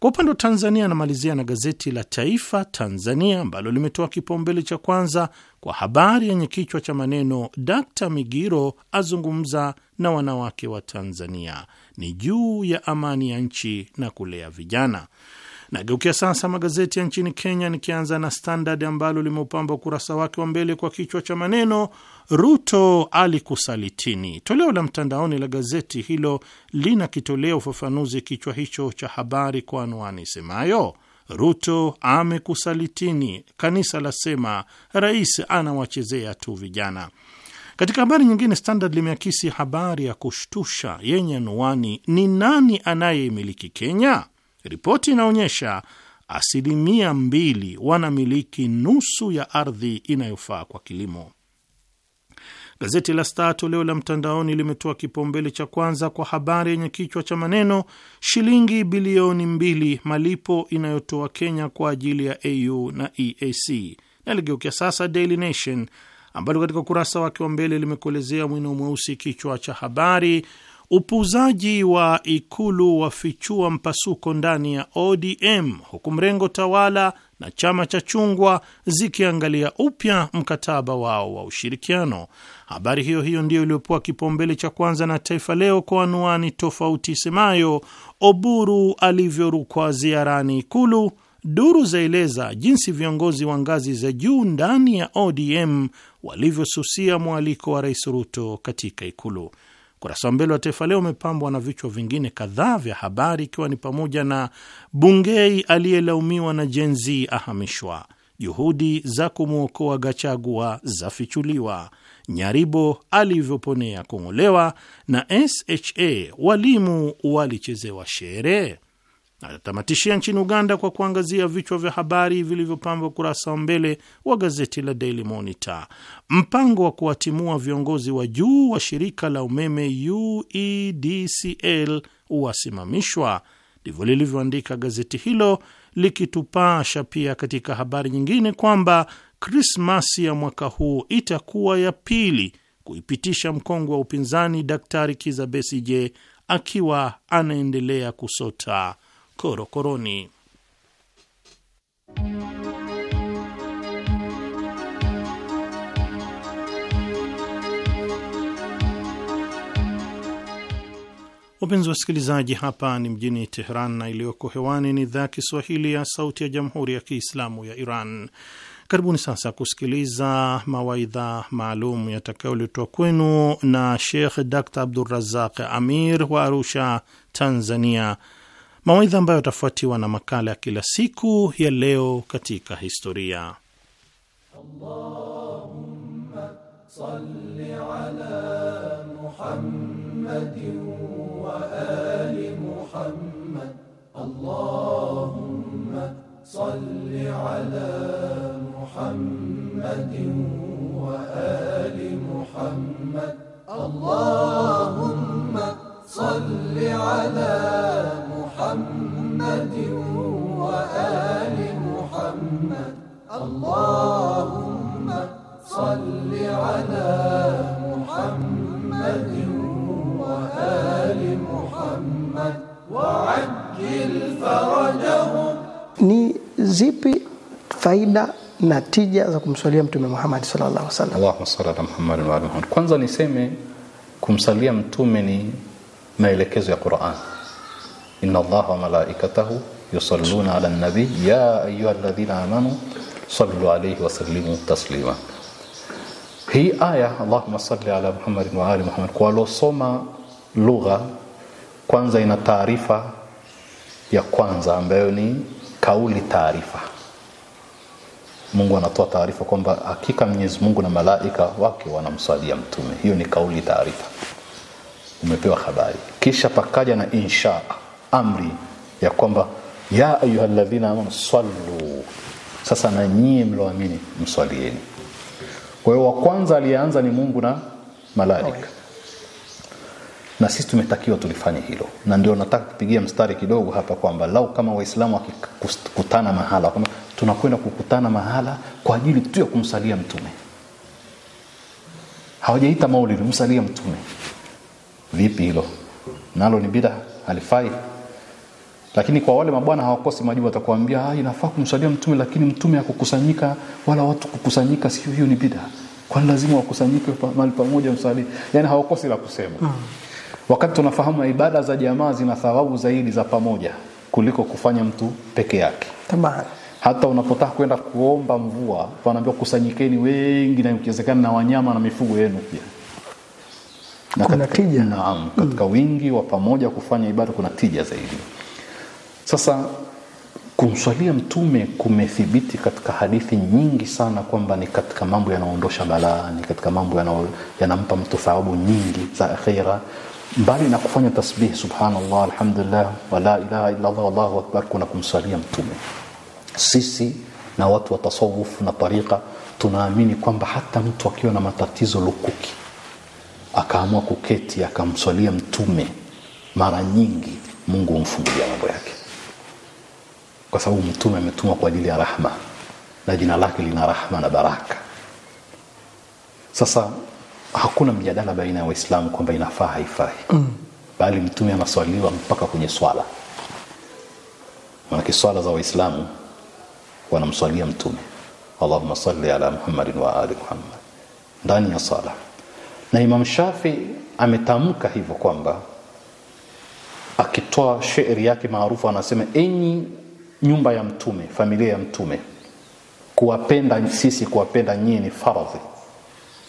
Kwa upande wa Tanzania, anamalizia na gazeti la Taifa Tanzania ambalo limetoa kipaumbele cha kwanza kwa habari yenye kichwa cha maneno Dkt Migiro azungumza na wanawake wa Tanzania ni juu ya amani ya nchi na kulea vijana. Nageukia sasa magazeti ya nchini Kenya, nikianza na Standard ambalo limeupamba ukurasa wake wa mbele kwa kichwa cha maneno Ruto alikusalitini. Toleo la mtandaoni la gazeti hilo linakitolea ufafanuzi kichwa hicho cha habari kwa anwani semayo Ruto amekusalitini, kanisa lasema rais anawachezea tu vijana. Katika habari nyingine, Standard limeakisi habari ya kushtusha yenye anwani ni nani anayemiliki Kenya? Ripoti inaonyesha asilimia mbili wanamiliki nusu ya ardhi inayofaa kwa kilimo. Gazeti la Star toleo la mtandaoni limetoa kipaumbele cha kwanza kwa habari yenye kichwa cha maneno shilingi bilioni mbili malipo inayotoa Kenya kwa ajili ya AU na EAC. Naligeukia sasa Daily Nation ambalo katika ukurasa wake wa mbele limekuelezea mwino mweusi kichwa cha habari Upuuzaji wa Ikulu wafichua mpasuko ndani ya ODM huku mrengo tawala na chama cha chungwa zikiangalia upya mkataba wao wa ushirikiano. Habari hiyo hiyo ndiyo iliyopewa kipaumbele cha kwanza na Taifa Leo kwa anuani tofauti isemayo, Oburu alivyorukwa ziarani Ikulu, duru zaeleza jinsi viongozi wa ngazi za juu ndani ya ODM walivyosusia mwaliko wa Rais Ruto katika Ikulu. Ukurasa wa mbele wa Taifa Leo umepambwa na vichwa vingine kadhaa vya habari, ikiwa ni pamoja na Bungei aliyelaumiwa na jenzi ahamishwa, juhudi za kumwokoa Gachagua zafichuliwa, Nyaribo alivyoponea kung'olewa, na SHA walimu walichezewa shere. Natamatishia nchini Uganda kwa kuangazia vichwa vya habari vilivyopamba ukurasa wa mbele wa gazeti la Daily Monitor. Mpango wa kuwatimua viongozi wa juu wa shirika la umeme UEDCL wasimamishwa, ndivyo lilivyoandika gazeti hilo, likitupasha pia katika habari nyingine kwamba Krismasi ya mwaka huu itakuwa ya pili kuipitisha mkongo wa upinzani, Daktari Kiza akiwa anaendelea kusota korokoroni. Wapenzi wasikilizaji, hapa ni mjini Teheran na iliyoko hewani ni idhaa ya Kiswahili ya Sauti ya Jamhuri ya Kiislamu ya Iran. Karibuni sasa kusikiliza mawaidha maalum yatakayoletwa kwenu na Sheikh Dr Abdurazaq Amir wa Arusha, Tanzania mawaidha ambayo yatafuatiwa na makala ya kila siku ya leo katika historia. Allahumma salli ala Muhammadin wa ali Muhammad. Allahumma salli ala Muhammadin wa ali Muhammad. Allahumma salli ala ni zipi faida na tija za kumswalia mtume Muhammad sallallahu alaihi wasallam. Allahumma salli ala Muhammad wa ali Muhammad. Kwanza niseme kumsalia mtume ni maelekezo ya Qur'an inna allaha wa malaikatahu yusalluna ala nabi ya ayyuhalladhina amanu sallu alayhi wa taslima hii aya allahumma salli ala muhammadin wa ali muhammad kwa lugha kwanza ina taarifa ya kwanza ambayo ni kauli taarifa Mungu anatoa taarifa kwamba hakika Mwenyezi Mungu na malaika wake wanamswalia mtume. Hiyo ni kauli taarifa, umepewa habari. Kisha pakaja na inshaa amri ya kwamba ya ayuhaladhina amanu sallu sasa na nyie mlioamini mswalieni kwa hiyo wa kwanza aliyeanza ni mungu na malaika na sisi tumetakiwa tulifanye hilo na ndio nataka kupigia mstari kidogo hapa kwamba lau kama waislamu wakikutana mahala kama tunakwenda kukutana mahala kwa ajili tu ya kumsalia mtume hawajaita maulidi msalia mtume vipi hilo nalo ni bida halifai lakini kwa wale mabwana hawakosi majibu watakuambia ah, inafaa kumswalia mtume lakini mtume akukusanyika wala watu kukusanyika sio hiyo ni bid'a kwani lazima wakusanyike mahali pamoja msali? yani hawakosi la kusema mm. wakati tunafahamu ibada za jamaa zina thawabu zaidi za pamoja kuliko kufanya mtu peke yake tamam hata unapotaka kwenda kuomba mvua wanaambia kusanyikeni wengi na ikiwezekana na wanyama na mifugo yenu pia na kuna katika, tija naam katika mm. wingi wa pamoja kufanya ibada kuna tija zaidi sasa kumswalia Mtume kumethibiti katika hadithi nyingi sana kwamba ni katika mambo yanayoondosha balaa, ni katika mambo yanampa mtu thawabu nyingi za akhira, mbali na kufanya tasbih subhanallah, alhamdulillah, wala ilaha illallah, wallahu akbar, kuna kumswalia Mtume. Sisi na watu wa tasawuf na tariqa tunaamini kwamba hata mtu akiwa na matatizo lukuki akaamua kuketi akamswalia Mtume mara nyingi, Mungu humfungulia mambo yake kwa sababu mtume ametumwa kwa ajili ya rahma na jina lake lina rahma na baraka. Sasa hakuna mjadala baina ya Waislamu kwamba inafaa haifai mm. bali mtume anaswaliwa mpaka kwenye swala, maanake swala za Waislamu wanamswalia mtume, Allahumma salli ala Muhammadin wa ali Muhammad, ndani ya swala. Na Imam Shafi ametamka hivyo kwamba akitoa shairi yake maarufu anasema, enyi nyumba ya mtume familia ya mtume kuwapenda sisi kuwapenda nyinyi ni faradhi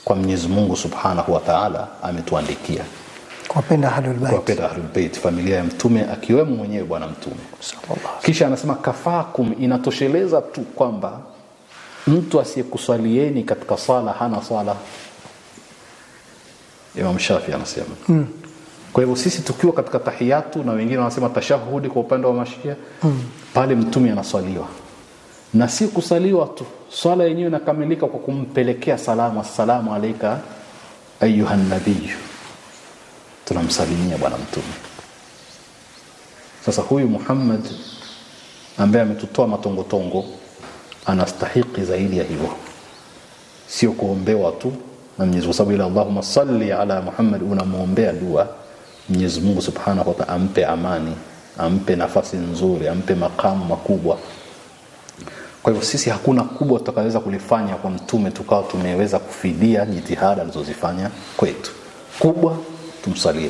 kwa Mwenyezi Mungu Subhanahu wa Ta'ala ametuandikia kuwapenda ahlul bait kuwapenda bait familia ya mtume akiwemo mwenyewe bwana mtume sallallahu kisha anasema kafakum inatosheleza tu kwamba mtu asiyekuswalieni katika sala hana sala Imam Shafi anasema mm. Kwa hivyo sisi tukiwa katika tahiyatu na wengine wanasema tashahudi kwa upande wa mashia mm. pale mtume anaswaliwa na si kusaliwa tu, swala yenyewe inakamilika kwa kumpelekea salamu, assalamu alaika ayuha nabiyu, tunamsalimia bwana mtume. Sasa huyu Muhammad ambaye ametutoa matongotongo anastahiki zaidi ya hivyo, sio kuombewa tu na Mwenyezi kwa sababu ila Allahumma salli ala Muhammad, unamwombea dua Mwenyezi Mungu Subhanahu wa Ta'ala ampe amani, ampe nafasi nzuri, ampe makamu makubwa. Kwa hivyo sisi hakuna kubwa tutakaweza kulifanya kwa mtume tukawa tumeweza kufidia jitihada alizozifanya kwetu. Kubwa tumsalie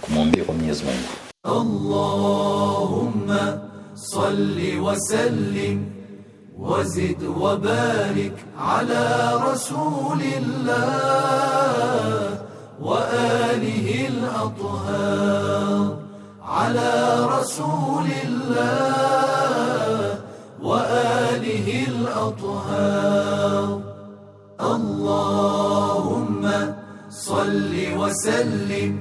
kumwambia kwa Mwenyezi Mungu. Allahumma salli wa sallim wazid wa barik ala rasulillah وآله الأطهار على رسول الله وآله الأطهار اللهم صل وسلم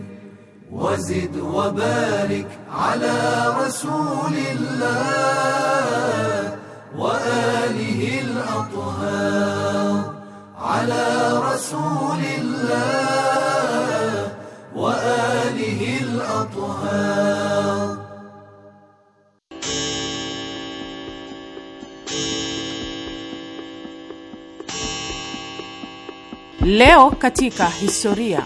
وزد وبارك على رسول الله وآله الأطهار على رسول الله وآله الأطهار Leo katika historia.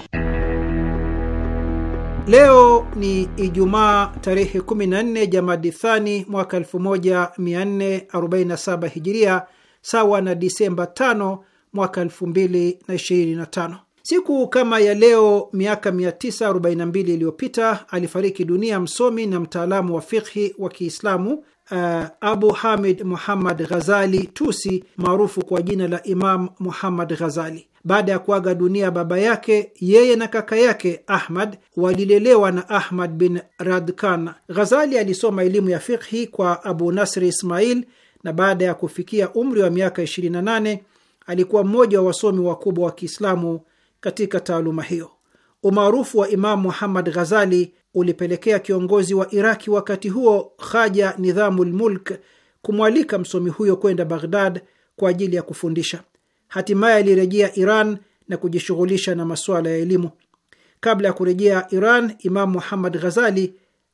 Leo ni Ijumaa tarehe 14 Jamadi Thani mwaka 1447 Hijiria, sawa na Disemba 5 mwaka 2025. Siku kama ya leo miaka 942 iliyopita alifariki dunia msomi na mtaalamu wa fikhi wa Kiislamu Uh, Abu Hamid Muhammad Ghazali Tusi maarufu kwa jina la Imam Muhammad Ghazali. Baada ya kuaga dunia baba yake, yeye na kaka yake Ahmad walilelewa na Ahmad bin Radkan. Ghazali alisoma elimu ya fikhi kwa Abu Nasri Ismail na baada ya kufikia umri wa miaka 28 alikuwa mmoja wa wasomi wakubwa wa Kiislamu katika taaluma hiyo. Umaarufu wa Imamu Muhammad Ghazali ulipelekea kiongozi wa Iraki wakati huo Haja Nidhamul Mulk kumwalika msomi huyo kwenda Baghdad kwa ajili ya kufundisha. Hatimaye alirejea Iran na kujishughulisha na masuala ya elimu. Kabla ya kurejea Iran, Imamu Muhammad Ghazali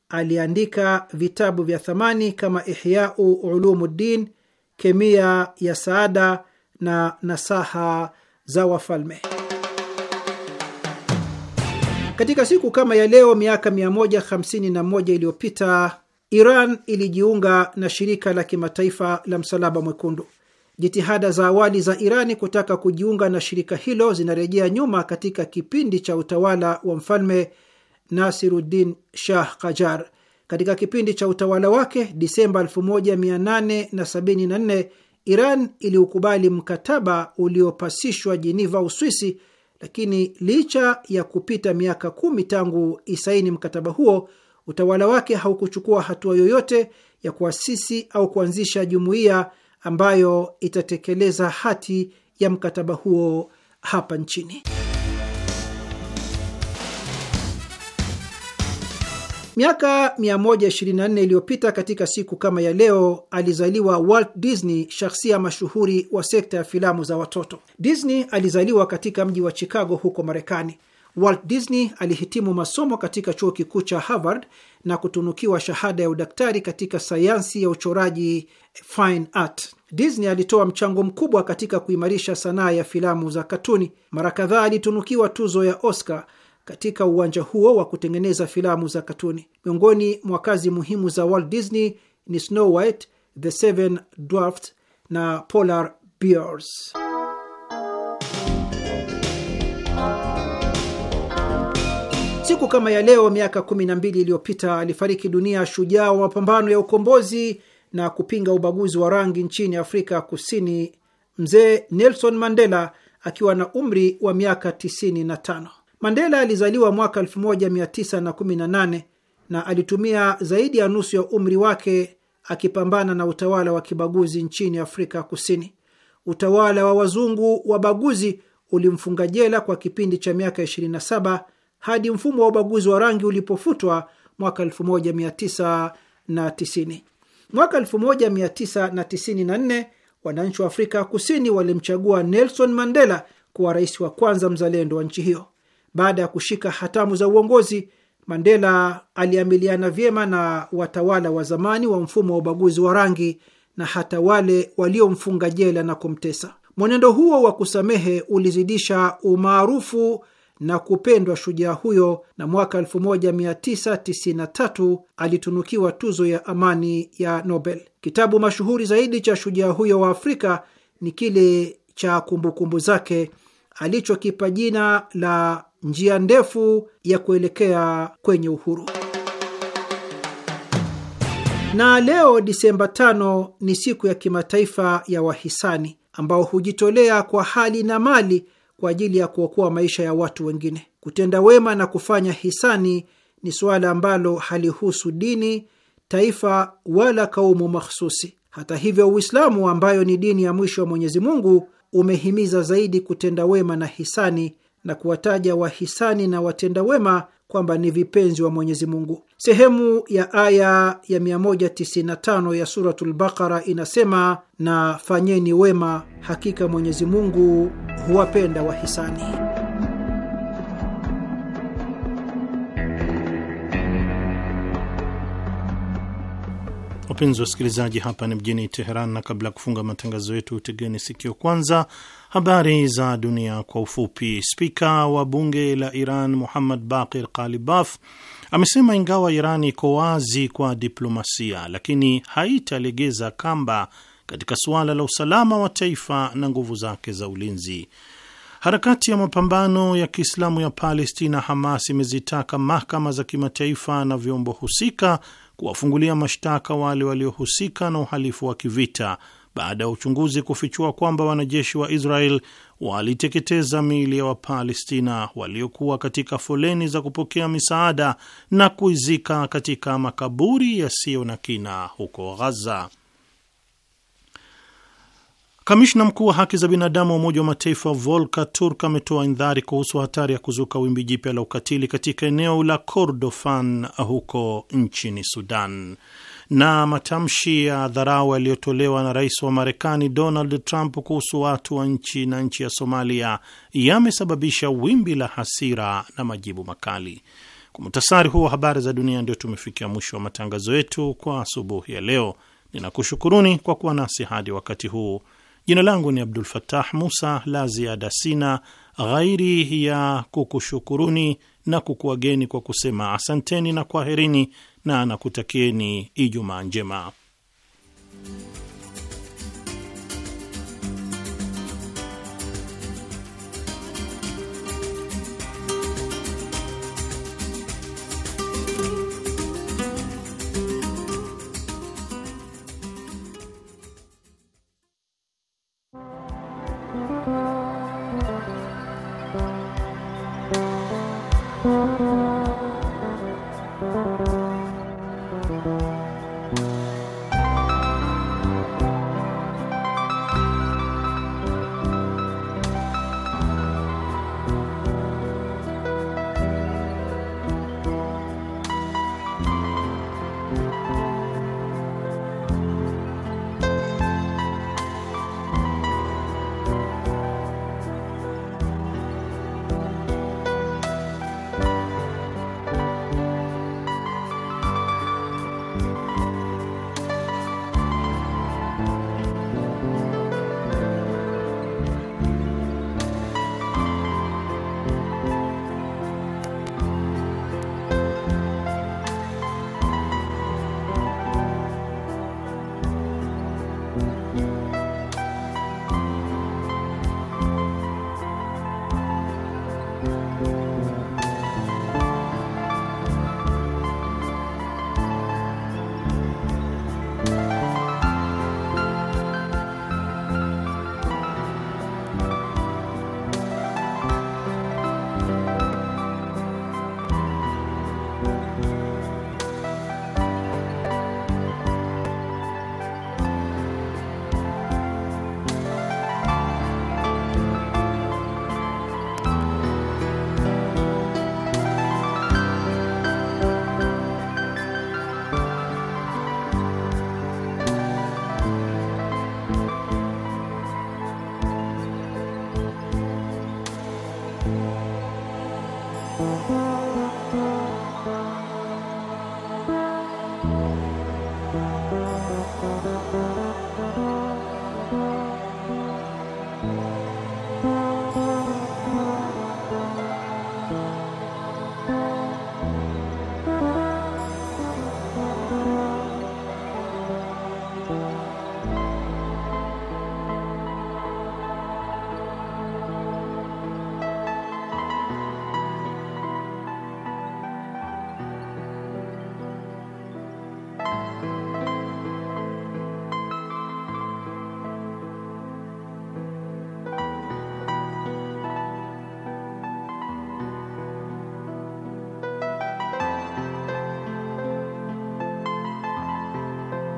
aliandika vitabu vya thamani kama Ihyau Ulumuddin, Kemia ya Saada na Nasaha za Wafalme. Katika siku kama ya leo miaka 151 iliyopita Iran ilijiunga na shirika la kimataifa la Msalaba Mwekundu. Jitihada za awali za Irani kutaka kujiunga na shirika hilo zinarejea nyuma katika kipindi cha utawala wa mfalme Nasiruddin Shah Kajar. Katika kipindi cha utawala wake Disemba 1874 Iran iliukubali mkataba uliopasishwa Jeniva, Uswisi, lakini licha ya kupita miaka kumi tangu isaini mkataba huo, utawala wake haukuchukua hatua yoyote ya kuasisi au kuanzisha jumuiya ambayo itatekeleza hati ya mkataba huo hapa nchini. Miaka 124 iliyopita katika siku kama ya leo alizaliwa Walt Disney, shahsia mashuhuri wa sekta ya filamu za watoto. Disney alizaliwa katika mji wa Chicago huko Marekani. Walt Disney alihitimu masomo katika chuo kikuu cha Harvard na kutunukiwa shahada ya udaktari katika sayansi ya uchoraji fine art. Disney alitoa mchango mkubwa katika kuimarisha sanaa ya filamu za katuni. Mara kadhaa alitunukiwa tuzo ya Oscar katika uwanja huo wa kutengeneza filamu za katuni. Miongoni mwa kazi muhimu za Walt Disney ni Snow White, The Seven Dwarfs na Polar Bears. Siku kama ya leo miaka kumi na mbili iliyopita alifariki dunia shujaa wa mapambano ya ukombozi na kupinga ubaguzi wa rangi nchini Afrika Kusini, mzee Nelson Mandela akiwa na umri wa miaka 95. Mandela alizaliwa mwaka 1918 na alitumia zaidi ya nusu ya umri wake akipambana na utawala wa kibaguzi nchini Afrika Kusini. Utawala wa wazungu wa baguzi ulimfunga jela kwa kipindi cha miaka 27 hadi mfumo wa ubaguzi wa rangi ulipofutwa mwaka 1990. Mwaka 1994 wananchi wa Afrika Kusini walimchagua Nelson Mandela kuwa rais wa kwanza mzalendo wa nchi hiyo. Baada ya kushika hatamu za uongozi, Mandela aliamiliana vyema na watawala wa zamani wa mfumo wa ubaguzi wa rangi na hata wale waliomfunga jela na kumtesa. Mwenendo huo wa kusamehe ulizidisha umaarufu na kupendwa shujaa huyo, na mwaka 1993 alitunukiwa tuzo ya amani ya Nobel. Kitabu mashuhuri zaidi cha shujaa huyo wa Afrika ni kile cha kumbukumbu kumbu zake alichokipa jina la njia ndefu ya kuelekea kwenye uhuru. Na leo Disemba a ni siku ya kimataifa ya wahisani ambao hujitolea kwa hali na mali kwa ajili ya kuokoa maisha ya watu wengine. Kutenda wema na kufanya hisani ni suala ambalo halihusu dini, taifa wala kaumu mahsusi. Hata hivyo, Uislamu ambayo ni dini ya mwisho wa Mwenyezi Mungu umehimiza zaidi kutenda wema na hisani na kuwataja wahisani na watenda wema kwamba ni vipenzi wa Mwenyezi Mungu. Sehemu ya aya ya 195 ya Suratul Bakara inasema, na fanyeni wema, hakika Mwenyezi Mungu huwapenda wahisani. Wapenzi wasikilizaji, hapa ni mjini Teheran, na kabla ya kufunga matangazo yetu, tegeni sikio kwanza habari za dunia kwa ufupi. Spika wa bunge la Iran Muhammad Bakir Kalibaf amesema ingawa Iran iko wazi kwa diplomasia, lakini haitalegeza kamba katika suala la usalama wa taifa na nguvu zake za ulinzi. Harakati ya mapambano ya Kiislamu ya Palestina, Hamas, imezitaka mahakama za kimataifa na vyombo husika kuwafungulia mashtaka wale waliohusika na uhalifu wa kivita baada ya uchunguzi kufichua kwamba wanajeshi wa Israel waliteketeza miili ya Wapalestina waliokuwa katika foleni za kupokea misaada na kuizika katika makaburi yasiyo na kina huko Ghaza. Kamishna mkuu wa haki za binadamu wa Umoja wa Mataifa volka Turk ametoa indhari kuhusu hatari ya kuzuka wimbi jipya la ukatili katika eneo la Kordofan huko nchini Sudan. Na matamshi ya dharau yaliyotolewa na rais wa Marekani Donald Trump kuhusu watu wa nchi na nchi ya Somalia yamesababisha wimbi la hasira na majibu makali. Kwa muhtasari huo, habari za dunia, ndio tumefikia mwisho wa matangazo yetu kwa asubuhi ya leo. Ninakushukuruni kwa kuwa nasi hadi wakati huu Jina langu ni Abdul fatah Musa. La ziada sina ghairi ya kukushukuruni na kukuageni kwa kusema asanteni na kwaherini, na nakutakieni Ijumaa njema.